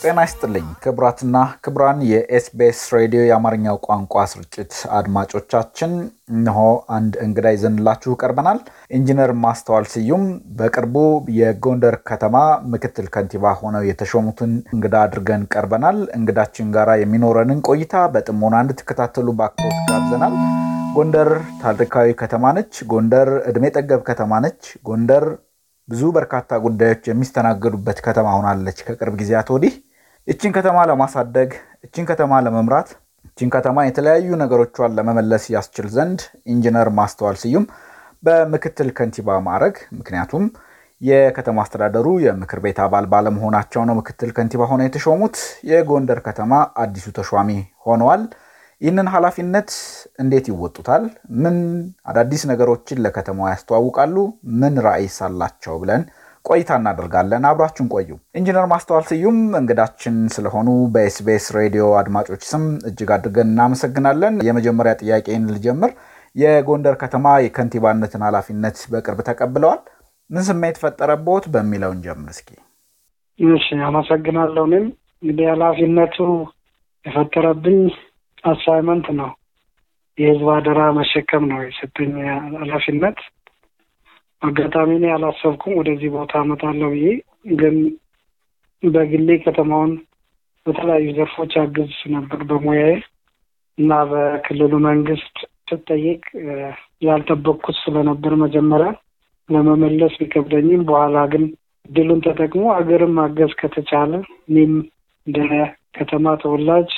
ጤና ይስጥልኝ ክቡራትና ክቡራን የኤስቢኤስ ሬዲዮ የአማርኛው ቋንቋ ስርጭት አድማጮቻችን፣ እንሆ አንድ እንግዳ ይዘንላችሁ ቀርበናል። ኢንጂነር ማስተዋል ስዩም በቅርቡ የጎንደር ከተማ ምክትል ከንቲባ ሆነው የተሾሙትን እንግዳ አድርገን ቀርበናል። እንግዳችን ጋራ የሚኖረንን ቆይታ በጥሞና እንድትከታተሉ በአክብሮት ጋብዘናል። ጎንደር ታሪካዊ ከተማ ነች። ጎንደር እድሜ ጠገብ ከተማ ነች። ጎንደር ብዙ በርካታ ጉዳዮች የሚስተናገዱበት ከተማ ሆናለች። ከቅርብ ጊዜያት ወዲህ እችን ከተማ ለማሳደግ፣ እችን ከተማ ለመምራት፣ እችን ከተማ የተለያዩ ነገሮቿን ለመመለስ ያስችል ዘንድ ኢንጂነር ማስተዋል ስዩም በምክትል ከንቲባ ማዕረግ ምክንያቱም የከተማ አስተዳደሩ የምክር ቤት አባል ባለመሆናቸው ነው ምክትል ከንቲባ ሆነው የተሾሙት። የጎንደር ከተማ አዲሱ ተሿሚ ሆነዋል። ይህንን ኃላፊነት እንዴት ይወጡታል? ምን አዳዲስ ነገሮችን ለከተማዋ ያስተዋውቃሉ? ምን ራዕይስ አላቸው? ብለን ቆይታ እናደርጋለን። አብራችን ቆዩ። ኢንጂነር ማስተዋል ስዩም እንግዳችን ስለሆኑ በኤስቢኤስ ሬዲዮ አድማጮች ስም እጅግ አድርገን እናመሰግናለን። የመጀመሪያ ጥያቄን ልጀምር። የጎንደር ከተማ የከንቲባነትን ኃላፊነት በቅርብ ተቀብለዋል። ምን ስሜት ፈጠረቦት በሚለው እንጀምር እስኪ። እሺ፣ አመሰግናለሁ። እኔም እንግዲህ ኃላፊነቱ የፈጠረብኝ አሳይመንት ነው። የህዝብ አደራ መሸከም ነው የሰጠኝ ኃላፊነት። አጋጣሚን ያላሰብኩም ወደዚህ ቦታ አመጣለሁ ብዬ ግን በግሌ ከተማውን በተለያዩ ዘርፎች አግዝ ነበር በሙያዬ እና በክልሉ መንግስት ስጠይቅ ያልጠበቅኩት ስለነበር መጀመሪያ ለመመለስ ቢከብደኝም በኋላ ግን ድሉን ተጠቅሞ አገርም ማገዝ ከተቻለ እኔም እንደ ከተማ ተወላጅ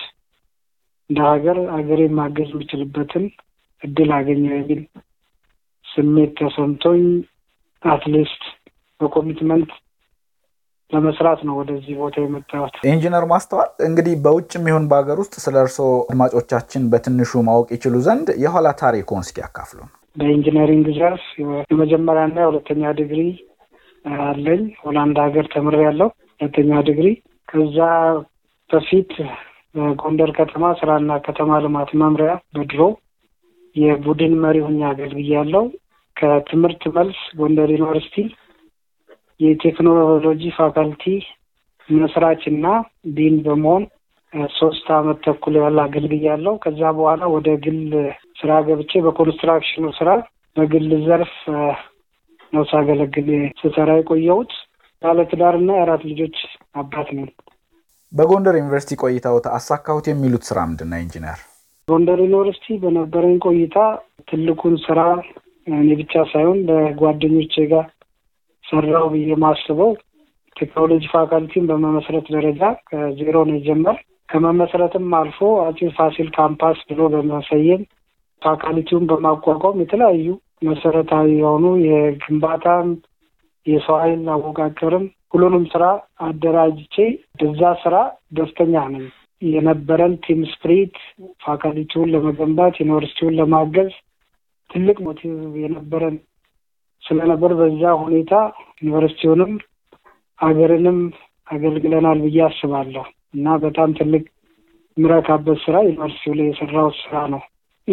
እንደ ሀገር ሀገሬ ማገዝ የምችልበትን እድል አገኘሁ የሚል ስሜት ተሰምቶኝ አትሊስት በኮሚትመንት ለመስራት ነው ወደዚህ ቦታ የመጣሁት። ኢንጂነር ማስተዋል እንግዲህ በውጭ የሚሆን በሀገር ውስጥ ስለ እርስዎ አድማጮቻችን በትንሹ ማወቅ ይችሉ ዘንድ የኋላ ታሪኮን እስኪ ያካፍሉ። በኢንጂነሪንግ ዘርፍ የመጀመሪያና የሁለተኛ ዲግሪ አለኝ። ሆላንድ ሀገር ተምሬያለሁ ሁለተኛ ዲግሪ። ከዛ በፊት ጎንደር ከተማ ስራና ከተማ ልማት መምሪያ በድሮ የቡድን መሪ ሁኜ አገልግያለሁ። ከትምህርት መልስ ጎንደር ዩኒቨርሲቲ የቴክኖሎጂ ፋካልቲ መስራች እና ዲን በመሆን ሶስት አመት ተኩል ያህል አገልግያለሁ። ከዛ በኋላ ወደ ግል ስራ ገብቼ በኮንስትራክሽኑ ስራ በግል ዘርፍ ነው ሳገለግል ስሰራ የቆየሁት። ባለትዳርና የአራት ልጆች አባት ነው። በጎንደር ዩኒቨርሲቲ ቆይታው አሳካሁት የሚሉት ስራ ምንድን ነው? ኢንጂነር ጎንደር ዩኒቨርሲቲ በነበረኝ ቆይታ ትልቁን ስራ እኔ ብቻ ሳይሆን በጓደኞቼ ጋር ሰራው ብዬ ማስበው ቴክኖሎጂ ፋካልቲን በመመስረት ደረጃ ከዜሮ ነው የጀመር ከመመስረትም አልፎ አጼ ፋሲል ካምፓስ ብሎ በመሰየም ፋካልቲውን በማቋቋም የተለያዩ መሰረታዊ የሆኑ የግንባታም የሰው ኃይል አወቃቀርም ሁሉንም ስራ አደራጅቼ በዛ ስራ ደስተኛ ነኝ። የነበረን ቲም ስፕሪት ፋካልቲውን ለመገንባት ዩኒቨርሲቲውን ለማገዝ ትልቅ ሞቲቭ የነበረን ስለነበር በዛ ሁኔታ ዩኒቨርሲቲውንም ሀገርንም አገልግለናል ብዬ አስባለሁ እና በጣም ትልቅ ምረካበት ስራ ዩኒቨርሲቲው ላይ የሰራሁት ስራ ነው።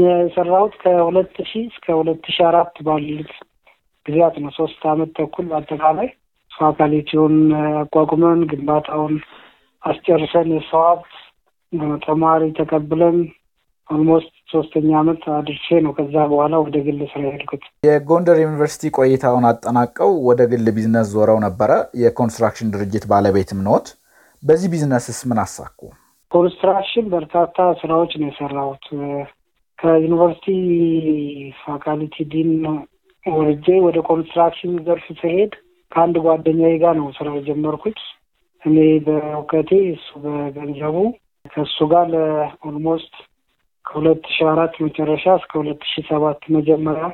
የሰራሁት ከሁለት ሺህ እስከ ሁለት ሺህ አራት ባሉት ጊዜያት ነው። ሶስት አመት ተኩል በአጠቃላይ ፋካሊቲውን uh, አቋቁመን ግንባታውን አስጨርሰን የሰው ሀብት ተማሪ ተቀብለን ኦልሞስት ሶስተኛ ዓመት አድርሴ ነው ከዛ በኋላ ወደ ግል ስራ ሄድኩት። የጎንደር ዩኒቨርሲቲ ቆይታውን አጠናቀው ወደ ግል ቢዝነስ ዞረው ነበረ። የኮንስትራክሽን ድርጅት ባለቤትም ነዎት። በዚህ ቢዝነስስ ምን አሳኩ? ኮንስትራክሽን በርካታ ስራዎች ነው የሰራሁት። ከዩኒቨርሲቲ ፋካልቲ ዲን ወርጄ ወደ ኮንስትራክሽን ዘርፍ ስሄድ ከአንድ ጓደኛዬ ጋር ነው ስራ የጀመርኩት። እኔ በእውቀቴ እሱ በገንዘቡ ከእሱ ጋር ለኦልሞስት ከሁለት ሺ አራት መጨረሻ እስከ ሁለት ሺ ሰባት መጀመሪያ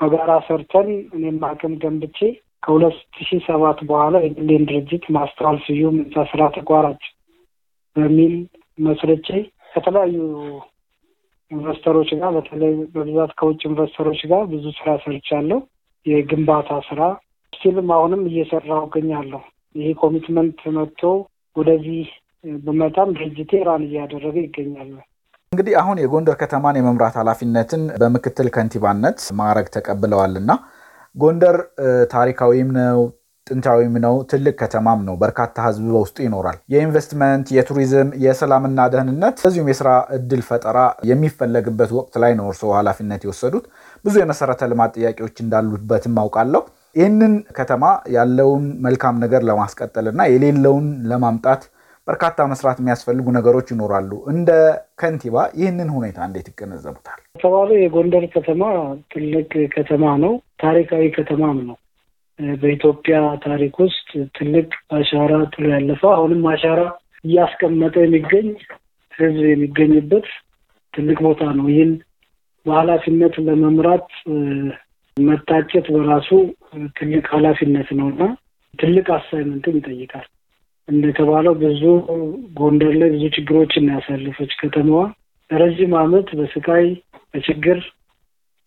በጋራ ሰርተን እኔም አቅም ገንብቼ ከሁለት ሺ ሰባት በኋላ የግሌን ድርጅት ማስተዋል ስዩም ህንፃ ስራ ተቋራጭ በሚል መስርቼ ከተለያዩ ኢንቨስተሮች ጋር በተለይ በብዛት ከውጭ ኢንቨስተሮች ጋር ብዙ ስራ ሰርቻለሁ። የግንባታ ስራ፣ ስኪልም አሁንም እየሰራሁ እገኛለሁ። ይህ ኮሚትመንት መጥቶ ወደዚህ በመጣም ድርጅቴ ራን እያደረገ ይገኛል። እንግዲህ አሁን የጎንደር ከተማን የመምራት ኃላፊነትን በምክትል ከንቲባነት ማዕረግ ተቀብለዋል እና ጎንደር ታሪካዊም ነው ጥንታዊም ነው። ትልቅ ከተማም ነው። በርካታ ህዝብ በውስጡ ይኖራል። የኢንቨስትመንት፣ የቱሪዝም፣ የሰላምና ደህንነት እዚሁም የስራ እድል ፈጠራ የሚፈለግበት ወቅት ላይ ነው እርስዎ ኃላፊነት የወሰዱት። ብዙ የመሰረተ ልማት ጥያቄዎች እንዳሉበትም አውቃለሁ። ይህንን ከተማ ያለውን መልካም ነገር ለማስቀጠል እና የሌለውን ለማምጣት በርካታ መስራት የሚያስፈልጉ ነገሮች ይኖራሉ። እንደ ከንቲባ ይህንን ሁኔታ እንዴት ይገነዘቡታል? ተባለ የጎንደር ከተማ ትልቅ ከተማ ነው። ታሪካዊ ከተማም ነው። በኢትዮጵያ ታሪክ ውስጥ ትልቅ አሻራ ጥሎ ያለፈ አሁንም አሻራ እያስቀመጠ የሚገኝ ህዝብ የሚገኝበት ትልቅ ቦታ ነው። ይህን በኃላፊነት ለመምራት መታጨት በራሱ ትልቅ ኃላፊነት ነው እና ትልቅ አሳይመንትም ይጠይቃል። እንደተባለው ብዙ ጎንደር ላይ ብዙ ችግሮችን ያሳለፈች ከተማዋ ረዥም ዓመት በስቃይ በችግር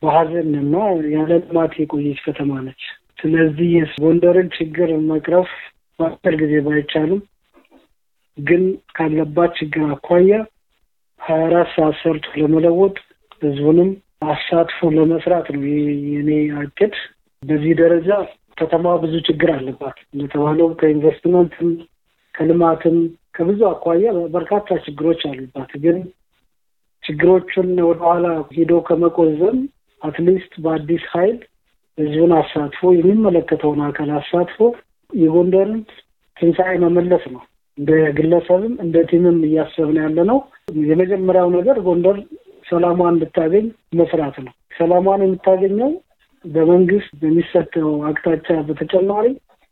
በሀዘን እና ያለ ልማት የቆየች ከተማ ነች። ስለዚህ የጎንደርን ችግር መቅረፍ በአጭር ጊዜ ባይቻልም ግን ካለባት ችግር አኳያ ሀያ አራት ሰዓት ሰርቶ ለመለወጥ ህዝቡንም አሳትፎ ለመስራት ነው የኔ አቅድ። በዚህ ደረጃ ከተማ ብዙ ችግር አለባት እንደተባለው ከኢንቨስትመንትም ከልማትም ከብዙ አኳያ በርካታ ችግሮች አሉባት። ግን ችግሮቹን ወደኋላ ሄዶ ከመቆዘም አትሊስት በአዲስ ኃይል ህዝቡን አሳትፎ የሚመለከተውን አካል አሳትፎ የጎንደርን ትንሣኤ መመለስ ነው። እንደ ግለሰብም እንደ ቲምም እያሰብን ያለ ነው። የመጀመሪያው ነገር ጎንደር ሰላሟን እንድታገኝ መስራት ነው። ሰላሟን የምታገኘው በመንግስት በሚሰጠው አቅጣጫ በተጨማሪ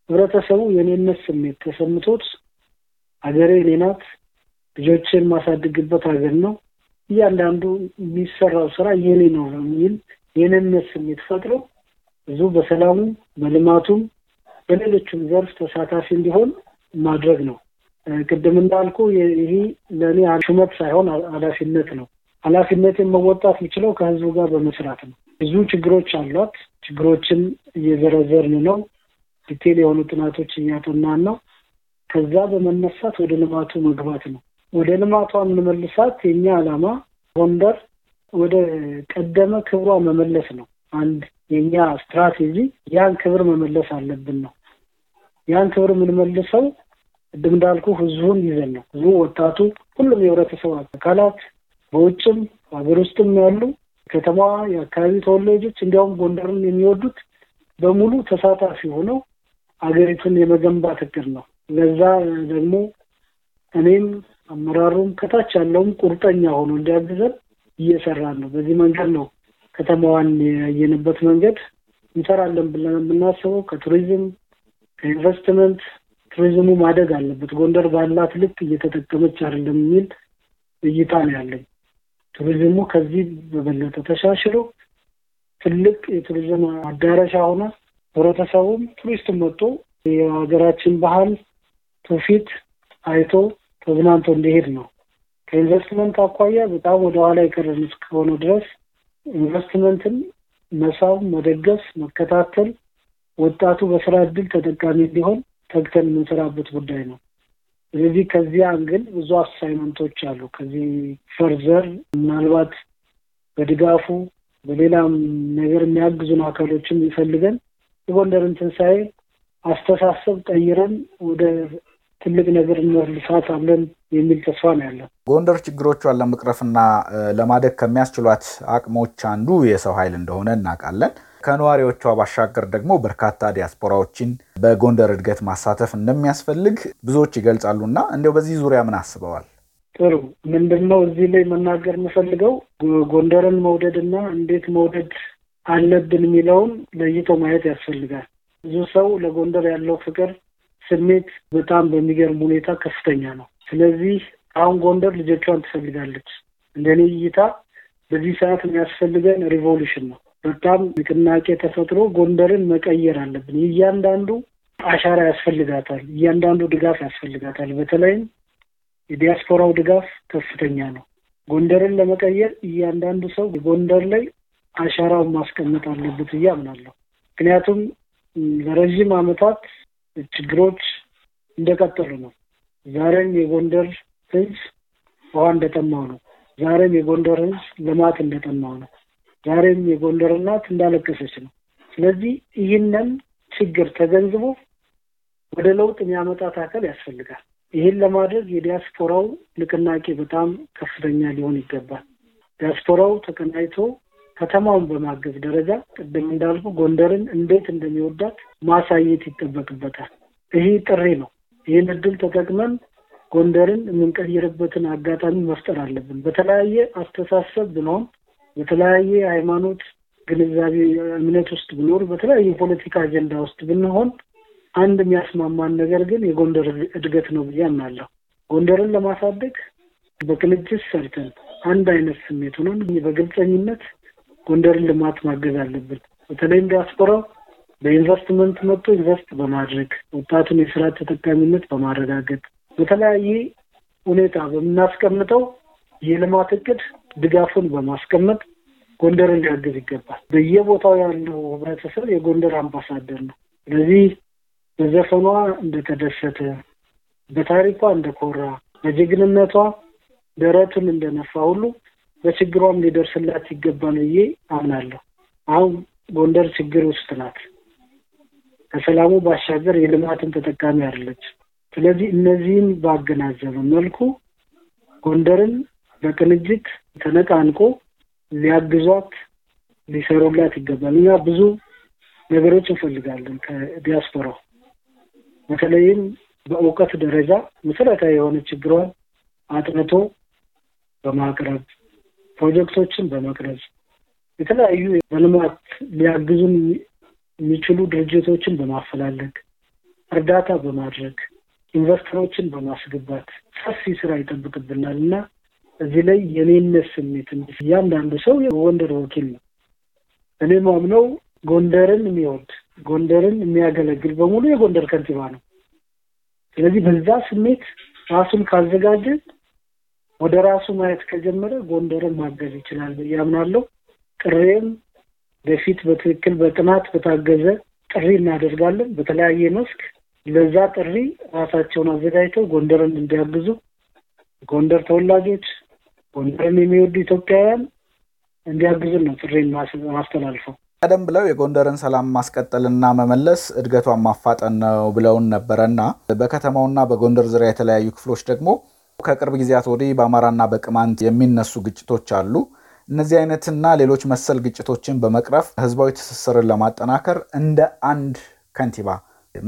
ህብረተሰቡ የኔነት ስሜት ተሰምቶት ሀገሬ እኔ ናት፣ ልጆችን ማሳድግበት ሀገር ነው፣ እያንዳንዱ የሚሰራው ስራ የኔ ነው የሚል የኔነት ስሜት ፈጥሮ ብዙ በሰላሙ በልማቱም በሌሎችም ዘርፍ ተሳታፊ እንዲሆን ማድረግ ነው። ቅድም እንዳልኩ ይህ ለእኔ ሹመት ሳይሆን ኃላፊነት ነው። ኃላፊነትን መወጣት የሚችለው ከህዝቡ ጋር በመስራት ነው። ብዙ ችግሮች አሏት። ችግሮችን እየዘረዘርን ነው። ዲቴል የሆኑ ጥናቶች እያጠናን ነው። ከዛ በመነሳት ወደ ልማቱ መግባት ነው። ወደ ልማቷ የምንመልሳት የኛ ዓላማ ጎንደር ወደ ቀደመ ክብሯ መመለስ ነው። አንድ የኛ ስትራቴጂ ያን ክብር መመለስ አለብን ነው። ያን ክብር የምንመልሰው ቅድም እንዳልኩ ህዝቡን ይዘን ነው። ህዝቡ፣ ወጣቱ፣ ሁሉም የህብረተሰብ አካላት በውጭም ሀገር ውስጥም ያሉ ከተማዋ የአካባቢ ተወላጆች እንዲያውም ጎንደርን የሚወዱት በሙሉ ተሳታፊ ሆነው አገሪቱን የመገንባት እቅድ ነው። ለዛ ደግሞ እኔም አመራሩም ከታች ያለውም ቁርጠኛ ሆኖ እንዲያግዘን እየሰራን ነው። በዚህ መንገድ ነው ከተማዋን ያየንበት መንገድ እንሰራለን ብለን የምናስበው ከቱሪዝም ከኢንቨስትመንት ቱሪዝሙ ማደግ አለበት። ጎንደር ባላት ልክ እየተጠቀመች አይደለም የሚል እይታ ነው ያለኝ። ቱሪዝሙ ከዚህ በበለጠ ተሻሽሎ ትልቅ የቱሪዝም አዳረሻ ሆነ። ህብረተሰቡም ቱሪስትም መጡ የሀገራችን ባህል ትውፊት አይቶ ተዝናንቶ እንዲሄድ ነው። ከኢንቨስትመንት አኳያ በጣም ወደኋላ የቀረን እስከሆነ ድረስ ኢንቨስትመንትን መሳብ፣ መደገፍ፣ መከታተል ወጣቱ በስራ እድል ተጠቃሚ እንዲሆን ተግተን የምንሰራበት ጉዳይ ነው። ስለዚህ ከዚህ አንግል ብዙ አሳይመንቶች አሉ። ከዚህ ፈርዘር ምናልባት በድጋፉ በሌላም ነገር የሚያግዙን አካሎችም ይፈልገን የጎንደርን ትንሣኤ አስተሳሰብ ቀይረን ወደ ትልቅ ነገር እንመልሳት አለን የሚል ተስፋ ነው ያለን። ጎንደር ችግሮቿን ለመቅረፍና ለማደግ ከሚያስችሏት አቅሞች አንዱ የሰው ኃይል እንደሆነ እናውቃለን። ከነዋሪዎቿ ባሻገር ደግሞ በርካታ ዲያስፖራዎችን በጎንደር እድገት ማሳተፍ እንደሚያስፈልግ ብዙዎች ይገልጻሉ እና እንዲያው በዚህ ዙሪያ ምን አስበዋል? ጥሩ ምንድን ነው እዚህ ላይ መናገር የምፈልገው ጎንደርን እና እንዴት መውደድ አለብን የሚለውን ለይቶ ማየት ያስፈልጋል። ብዙ ሰው ለጎንደር ያለው ፍቅር ስሜት በጣም በሚገርም ሁኔታ ከፍተኛ ነው። ስለዚህ አሁን ጎንደር ልጆቿን ትፈልጋለች። እንደኔ እይታ በዚህ ሰዓት የሚያስፈልገን ሪቮሉሽን ነው። በጣም ንቅናቄ ተፈጥሮ ጎንደርን መቀየር አለብን። እያንዳንዱ አሻራ ያስፈልጋታል። እያንዳንዱ ድጋፍ ያስፈልጋታል። በተለይም የዲያስፖራው ድጋፍ ከፍተኛ ነው። ጎንደርን ለመቀየር እያንዳንዱ ሰው ጎንደር ላይ አሻራውን ማስቀመጥ አለበት ብዬ አምናለሁ። ምክንያቱም ለረዥም ዓመታት ችግሮች እንደቀጠሉ ነው። ዛሬም የጎንደር ሕዝብ ውሃ እንደጠማው ነው። ዛሬም የጎንደር ሕዝብ ልማት እንደጠማው ነው። ዛሬም የጎንደር እናት እንዳለቀሰች ነው። ስለዚህ ይህንን ችግር ተገንዝቦ ወደ ለውጥ የሚያመጣት አካል ያስፈልጋል። ይህን ለማድረግ የዲያስፖራው ንቅናቄ በጣም ከፍተኛ ሊሆን ይገባል። ዲያስፖራው ተቀናይቶ ከተማውን በማገዝ ደረጃ ቅድም እንዳልኩ ጎንደርን እንዴት እንደሚወዳት ማሳየት ይጠበቅበታል። ይህ ጥሪ ነው። ይህን እድል ተጠቅመን ጎንደርን የምንቀይርበትን አጋጣሚ መፍጠር አለብን። በተለያየ አስተሳሰብ ብንሆን የተለያየ ሃይማኖት ግንዛቤ እምነት ውስጥ ብኖር በተለያየ ፖለቲካ አጀንዳ ውስጥ ብንሆን አንድ የሚያስማማን ነገር ግን የጎንደር እድገት ነው ብዬ አምናለሁ። ጎንደርን ለማሳደግ በቅንጅት ሰርተን አንድ አይነት ስሜት ሆነን በግልጸኝነት ጎንደርን ልማት ማገዝ አለብን። በተለይም ዲያስፖራው በኢንቨስትመንት መጥቶ ኢንቨስት በማድረግ ወጣቱን የስራ ተጠቃሚነት በማረጋገጥ በተለያየ ሁኔታ በምናስቀምጠው የልማት እቅድ ድጋፉን በማስቀመጥ ጎንደርን ሊያግዝ ይገባል። በየቦታው ያለው ህብረተሰብ የጎንደር አምባሳደር ነው። ስለዚህ በዘፈኗ እንደተደሰተ፣ በታሪኳ እንደኮራ፣ በጀግንነቷ ደረቱን እንደነፋ ሁሉ በችግሯም ሊደርስላት ይገባል ብዬ አምናለሁ። አሁን ጎንደር ችግር ውስጥ ናት። ከሰላሙ ባሻገር የልማትን ተጠቃሚ አለች። ስለዚህ እነዚህን ባገናዘበ መልኩ ጎንደርን በቅንጅት ተነቃንቆ ሊያግዟት ሊሰሩላት ይገባል። እኛ ብዙ ነገሮች እንፈልጋለን ከዲያስፖራው በተለይም በእውቀት ደረጃ መሰረታዊ የሆነ ችግሯን አጥንቶ በማቅረብ ፕሮጀክቶችን በመቅረጽ የተለያዩ በልማት ሊያግዙን የሚችሉ ድርጅቶችን በማፈላለግ እርዳታ በማድረግ ኢንቨስተሮችን በማስገባት ሰፊ ስራ ይጠብቅብናል እና እዚህ ላይ የኔነት ስሜት እያንዳንዱ ሰው የጎንደር ወኪል ነው። እኔ ማምነው ጎንደርን የሚወድ ጎንደርን የሚያገለግል በሙሉ የጎንደር ከንቲባ ነው። ስለዚህ በዛ ስሜት ራሱን ካዘጋጀ ወደ ራሱ ማየት ከጀመረ ጎንደርን ማገዝ ይችላል ያምናለሁ። ጥሬም በፊት በትክክል በጥናት በታገዘ ጥሪ እናደርጋለን። በተለያየ መስክ ለዛ ጥሪ ራሳቸውን አዘጋጅተው ጎንደርን እንዲያግዙ ጎንደር ተወላጆች ጎንደርም የሚወዱ ኢትዮጵያውያን እንዲያግዙን ነው ጥሬን ማስተላልፈው። ቀደም ብለው የጎንደርን ሰላም ማስቀጠልና መመለስ እድገቷን ማፋጠን ነው ብለውን ነበረና በከተማውና በጎንደር ዙሪያ የተለያዩ ክፍሎች ደግሞ ከቅርብ ጊዜያት ወዲህ በአማራና በቅማንት የሚነሱ ግጭቶች አሉ። እነዚህ አይነትና ሌሎች መሰል ግጭቶችን በመቅረፍ ህዝባዊ ትስስርን ለማጠናከር እንደ አንድ ከንቲባ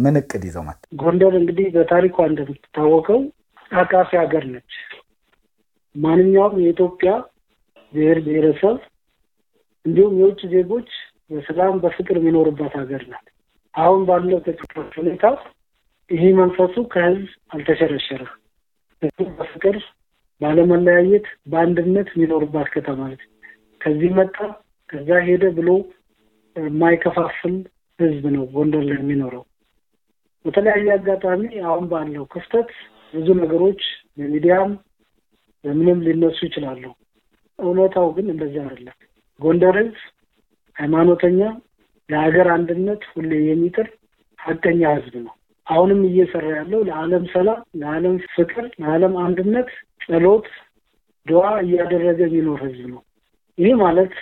ምን እቅድ ይዘው መጣ? ጎንደር እንግዲህ በታሪኳ እንደምትታወቀው አቃፊ ሀገር ነች። ማንኛውም የኢትዮጵያ ብሔር ብሔረሰብ እንዲሁም የውጭ ዜጎች በሰላም በፍቅር የሚኖርባት ሀገር ናት። አሁን ባለው ተጨባጭ ሁኔታ ይህ መንፈሱ ከህዝብ አልተሸረሸረም። ህዝብ በፍቅር ባለመለያየት፣ በአንድነት የሚኖርባት ከተማ ነች። ከዚህ መጣ ከዛ ሄደ ብሎ የማይከፋፍል ህዝብ ነው ጎንደር ላይ የሚኖረው። በተለያየ አጋጣሚ አሁን ባለው ክፍተት ብዙ ነገሮች በሚዲያም በምንም ሊነሱ ይችላሉ። እውነታው ግን እንደዚህ አይደለም። ጎንደር ህዝብ ሃይማኖተኛ፣ ለሀገር አንድነት ሁሌ የሚጥር ሀቀኛ ህዝብ ነው። አሁንም እየሰራ ያለው ለዓለም ሰላም፣ ለዓለም ፍቅር፣ ለዓለም አንድነት ጸሎት፣ ድዋ እያደረገ የሚኖር ህዝብ ነው። ይህ ማለት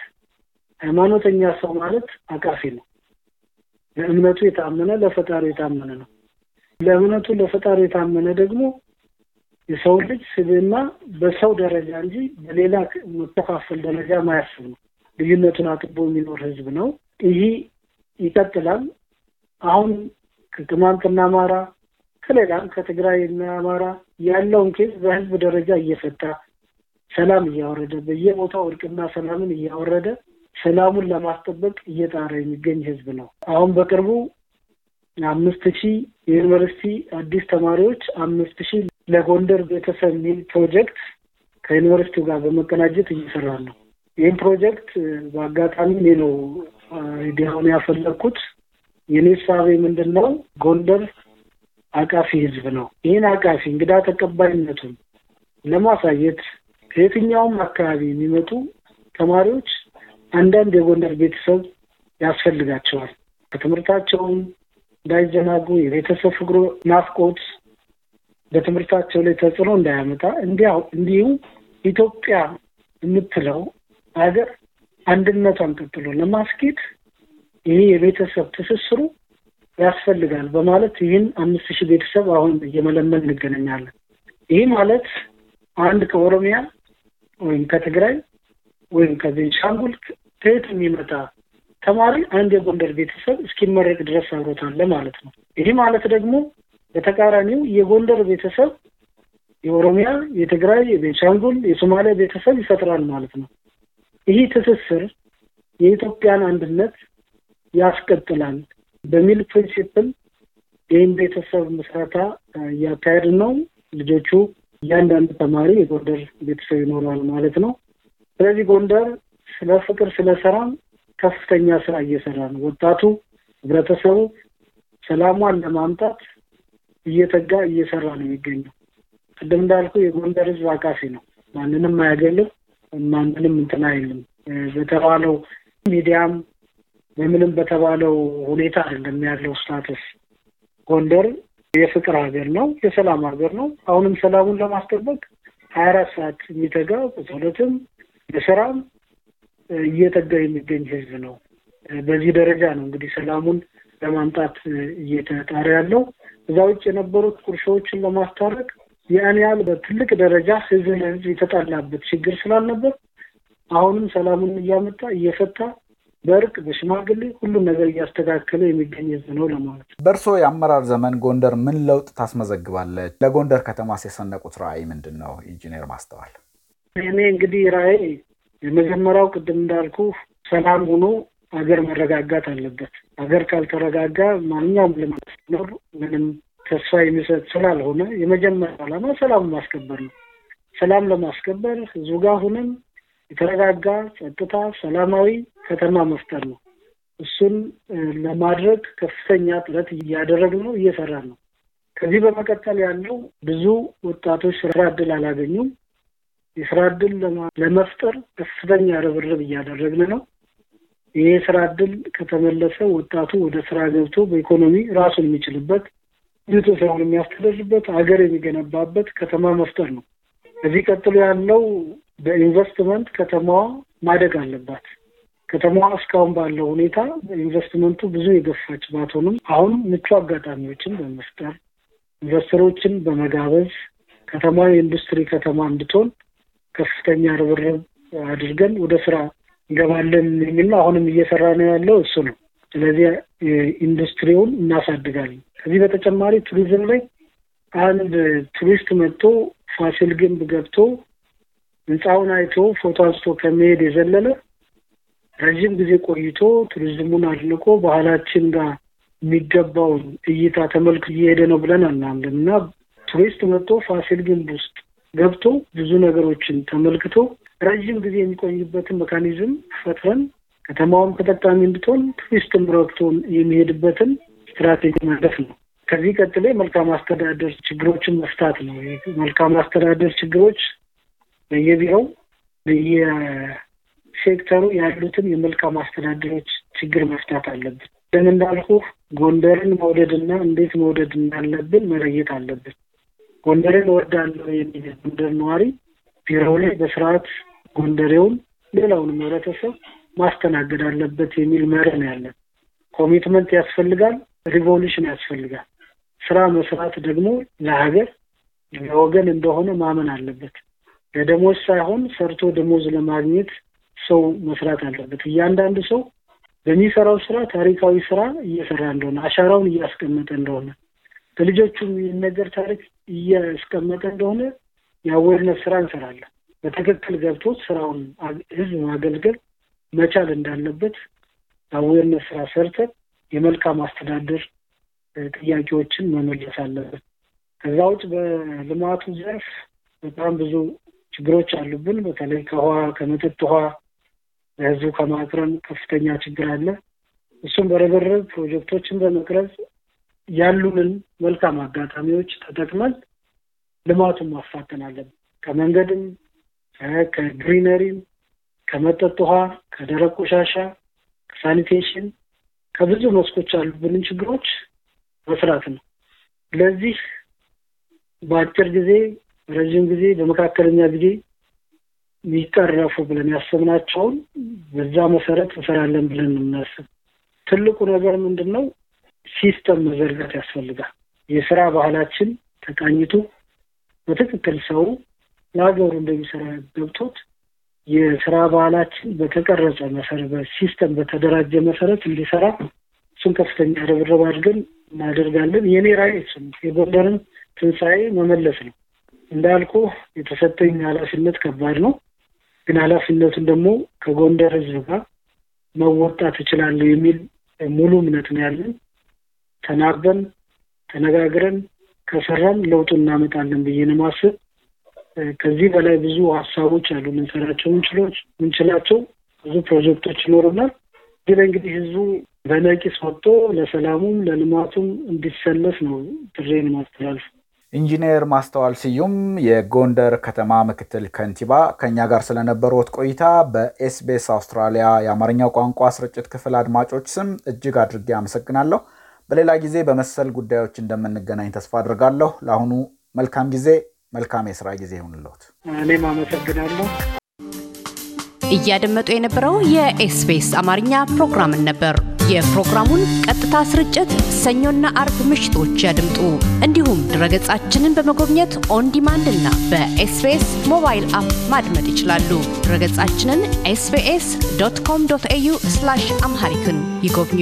ሃይማኖተኛ ሰው ማለት አቃፊ ነው። ለእምነቱ የታመነ ለፈጣሪ የታመነ ነው። ለእምነቱ ለፈጣሪ የታመነ ደግሞ የሰው ልጅ ስብዕና በሰው ደረጃ እንጂ በሌላ መከፋፈል ደረጃ ማያስብ ነው። ልዩነቱን አጥቦ የሚኖር ህዝብ ነው። ይህ ይቀጥላል። አሁን ከቅማንትና አማራ ከሌላም ከትግራይና አማራ ያለውን ኬዝ በህዝብ ደረጃ እየፈታ ሰላም እያወረደ በየቦታው እርቅና ሰላምን እያወረደ ሰላሙን ለማስጠበቅ እየጣረ የሚገኝ ህዝብ ነው። አሁን በቅርቡ አምስት ሺህ የዩኒቨርሲቲ አዲስ ተማሪዎች አምስት ሺህ ለጎንደር ቤተሰብ የሚል ፕሮጀክት ከዩኒቨርሲቲው ጋር በመቀናጀት እየሰራ ነው። ይህም ፕሮጀክት በአጋጣሚ እኔ ነው ዲሆን ያፈለግኩት። የኔ ሳቤ ምንድን ነው? ጎንደር አቃፊ ህዝብ ነው። ይህን አቃፊ እንግዳ ተቀባይነቱን ለማሳየት ከየትኛውም አካባቢ የሚመጡ ተማሪዎች አንዳንድ የጎንደር ቤተሰብ ያስፈልጋቸዋል። ከትምህርታቸውም እንዳይዘናጉ የቤተሰብ ፍቅሮ ናፍቆት በትምህርታቸው ላይ ተጽዕኖ እንዳያመጣ እንዲያው እንዲሁ ኢትዮጵያ የምትለው ሀገር አንድነቷን ቀጥሎ ለማስኬድ ይሄ የቤተሰብ ትስስሩ ያስፈልጋል በማለት ይህን አምስት ሺህ ቤተሰብ አሁን እየመለመን እንገናኛለን። ይህ ማለት አንድ ከኦሮሚያ ወይም ከትግራይ ወይም ከቤንሻንጉል ከየት የሚመጣ ተማሪ አንድ የጎንደር ቤተሰብ እስኪመረቅ ድረስ አብሮታል ማለት ነው። ይህ ማለት ደግሞ በተቃራኒው የጎንደር ቤተሰብ የኦሮሚያ፣ የትግራይ፣ የቤንሻንጉል፣ የሶማሊያ ቤተሰብ ይፈጥራል ማለት ነው። ይህ ትስስር የኢትዮጵያን አንድነት ያስቀጥላል በሚል ፕሪንሲፕል ይህም ቤተሰብ ምስረታ እያካሄድ ነው። ልጆቹ እያንዳንድ ተማሪ የጎንደር ቤተሰብ ይኖረዋል ማለት ነው። ስለዚህ ጎንደር ስለ ፍቅር፣ ስለ ሰላም ከፍተኛ ስራ እየሰራ ነው። ወጣቱ ህብረተሰቡ ሰላሟን ለማምጣት እየተጋ እየሰራ ነው የሚገኘው። ቅድም እንዳልኩ የጎንደር ህዝብ አቃፊ ነው። ማንንም አያገልም፣ ማንንም እንትን አይልም። በተባለው ሚዲያም በምንም በተባለው ሁኔታ አይደለም ያለው ስታትስ። ጎንደር የፍቅር ሀገር ነው፣ የሰላም ሀገር ነው። አሁንም ሰላሙን ለማስጠበቅ ሀያ አራት ሰዓት የሚተጋ በጸሎትም በስራም እየተጋ የሚገኝ ህዝብ ነው። በዚህ ደረጃ ነው እንግዲህ ሰላሙን ለማምጣት እየተጣረ ያለው። እዛ ውጭ የነበሩት ቁርሾዎችን ለማስታረቅ ያን ያህል በትልቅ ደረጃ ህዝብ ለህዝብ የተጣላበት ችግር ስላልነበር አሁንም ሰላሙን እያመጣ እየፈታ በእርቅ በሽማግሌ ሁሉም ነገር እያስተካከለ የሚገኝ ህዝብ ነው ለማለት ነው። የአመራር ዘመን ጎንደር ምን ለውጥ ታስመዘግባለች? ለጎንደር ከተማ የሰነቁት ራዕይ ምንድን ነው? ኢንጂነር ማስተዋል። እኔ እንግዲህ ራዕይ የመጀመሪያው ቅድም እንዳልኩ ሰላም ሆኖ ሀገር መረጋጋት አለበት። ሀገር ካልተረጋጋ ማንኛውም ልማት ሲኖር ምንም ተስፋ የሚሰጥ ስላልሆነ የመጀመሪያ ዓላማ ሰላም ማስከበር ነው። ሰላም ለማስከበር ህዝቡ ጋር ሁነን የተረጋጋ ጸጥታ፣ ሰላማዊ ከተማ መፍጠር ነው። እሱን ለማድረግ ከፍተኛ ጥረት እያደረግ ነው፣ እየሰራን ነው። ከዚህ በመቀጠል ያለው ብዙ ወጣቶች ስራ እድል አላገኙም። የስራ እድል ለመፍጠር ከፍተኛ ርብርብ እያደረግን ነው። ይሄ የስራ እድል ከተመለሰ ወጣቱ ወደ ስራ ገብቶ በኢኮኖሚ ራሱን የሚችልበት ቤተሰቡን የሚያስተዳድርበት ሀገር የሚገነባበት ከተማ መፍጠር ነው። እዚህ ቀጥሎ ያለው በኢንቨስትመንት ከተማዋ ማደግ አለባት። ከተማዋ እስካሁን ባለው ሁኔታ ኢንቨስትመንቱ ብዙ የገፋች ባትሆንም አሁን ምቹ አጋጣሚዎችን በመፍጠር ኢንቨስተሮችን በመጋበዝ ከተማ የኢንዱስትሪ ከተማ እንድትሆን ከፍተኛ ርብርብ አድርገን ወደ ስራ እንገባለን የሚል ነው። አሁንም እየሰራ ነው ያለው እሱ ነው። ስለዚህ ኢንዱስትሪውን እናሳድጋለን። ከዚህ በተጨማሪ ቱሪዝም ላይ አንድ ቱሪስት መጥቶ ፋሲል ግንብ ገብቶ ህንፃውን አይቶ ፎቶ አንስቶ ከመሄድ የዘለለ ረዥም ጊዜ ቆይቶ ቱሪዝሙን አድንቆ ባህላችን ጋር የሚገባውን እይታ ተመልክ እየሄደ ነው ብለን አናምንም እና ቱሪስት መጥቶ ፋሲል ግንብ ውስጥ ገብቶ ብዙ ነገሮችን ተመልክቶ ረዥም ጊዜ የሚቆይበትን መካኒዝም ፈጥረን ከተማውም ተጠቃሚ እንድትሆን ቱሪስትም ረክቶን የሚሄድበትን ስትራቴጂ ማለት ነው። ከዚህ ቀጥሎ መልካም አስተዳደር ችግሮችን መፍታት ነው። መልካም አስተዳደር ችግሮች በየቢሮው በየሴክተሩ ያሉትን የመልካም አስተዳደሮች ችግር መፍታት አለብን። ለምን እንዳልኩ ጎንደርን መውደድና እንዴት መውደድ እንዳለብን መለየት አለብን። ጎንደሬን ወዳለው የሚል ጎንደር ነዋሪ ቢሮው ላይ በስርዓት ጎንደሬውን ሌላውንም ህብረተሰብ ማስተናገድ አለበት የሚል መርህ ነው ያለን። ኮሚትመንት ያስፈልጋል፣ ሪቮሉሽን ያስፈልጋል። ስራ መስራት ደግሞ ለሀገር ለወገን እንደሆነ ማመን አለበት። ለደሞዝ ሳይሆን ሰርቶ ደሞዝ ለማግኘት ሰው መስራት አለበት። እያንዳንዱ ሰው በሚሰራው ስራ ታሪካዊ ስራ እየሰራ እንደሆነ አሻራውን እያስቀመጠ እንደሆነ ለልጆቹም ይህን ነገር ታሪክ እያስቀመጠ እንደሆነ የአዌርነት ስራ እንሰራለን። በትክክል ገብቶ ስራውን ህዝብ ማገልገል መቻል እንዳለበት አዌርነት ስራ ሰርተን የመልካም አስተዳደር ጥያቄዎችን መመለስ አለበት። ከዛ ውጭ በልማቱ ዘርፍ በጣም ብዙ ችግሮች አሉብን። በተለይ ከውሃ ከመጠጥ ውሃ ለህዝቡ ከማቅረብ ከፍተኛ ችግር አለ። እሱም በርብርብ ፕሮጀክቶችን በመቅረጽ ያሉንን መልካም አጋጣሚዎች ተጠቅመን ልማቱን ማፋጠን አለብን። ከመንገድም፣ ከግሪነሪም፣ ከመጠጥ ውሃ፣ ከደረቅ ቆሻሻ፣ ከሳኒቴሽን፣ ከብዙ መስኮች ያሉብንን ችግሮች መስራት ነው። ለዚህ በአጭር ጊዜ፣ ረዥም ጊዜ፣ በመካከለኛ ጊዜ ይቀረፉ ብለን ያሰብናቸውን በዛ መሰረት እንሰራለን ብለን እናስብ። ትልቁ ነገር ምንድን ነው? ሲስተም መዘርጋት ያስፈልጋል። የስራ ባህላችን ተቃኝቶ በትክክል ሰው ለሀገሩ እንደሚሰራ ገብቶት የስራ ባህላችን በተቀረጸ መሰረት በሲስተም በተደራጀ መሰረት እንዲሰራ እሱን ከፍተኛ ርብርብ አድርገን እናደርጋለን። የኔ ራዕይ የጎንደርን ትንሣኤ መመለስ ነው። እንዳልኩ የተሰጠኝ ኃላፊነት ከባድ ነው፣ ግን ኃላፊነቱን ደግሞ ከጎንደር ህዝብ ጋር መወጣት እችላለሁ የሚል ሙሉ እምነት ነው ያለን። ተናበን ተነጋግረን ከሰራን ለውጡ እናመጣለን ብዬ ነው ማስብ። ከዚህ በላይ ብዙ ሀሳቦች አሉ። ምንሰራቸው ምንችላቸው ብዙ ፕሮጀክቶች ይኖሩናል። ግን እንግዲህ ህዝቡ በነቂስ ወጥቶ ለሰላሙም ለልማቱም እንዲሰለፍ ነው ጥሬን ማስተላልፍ። ኢንጂነር ማስተዋል ስዩም የጎንደር ከተማ ምክትል ከንቲባ ከእኛ ጋር ስለነበሩት ቆይታ በኤስቢኤስ አውስትራሊያ የአማርኛ ቋንቋ ስርጭት ክፍል አድማጮች ስም እጅግ አድርጌ አመሰግናለሁ። በሌላ ጊዜ በመሰል ጉዳዮች እንደምንገናኝ ተስፋ አድርጋለሁ። ለአሁኑ መልካም ጊዜ፣ መልካም የስራ ጊዜ ይሁንልዎት። እኔም አመሰግናለሁ። እያደመጡ የነበረው የኤስቢኤስ አማርኛ ፕሮግራምን ነበር። የፕሮግራሙን ቀጥታ ስርጭት ሰኞና አርብ ምሽቶች ያድምጡ። እንዲሁም ድረገጻችንን በመጎብኘት ኦን ዲማንድ እና በኤስቢኤስ ሞባይል አፕ ማድመጥ ይችላሉ። ድረገጻችንን ኤስቢኤስ ዶት ኮም ዶት ኤዩ አምሃሪክን ይጎብኙ።